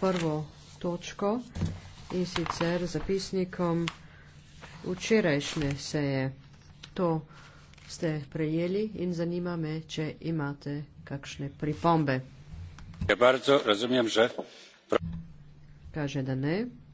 prvo točko in sicer zapisnikom včerajšnje seje. To ste prejeli in zanima me, če imate kakšne pripombe. Je ja, bardzo, razumijem, že. Kaže, da ne.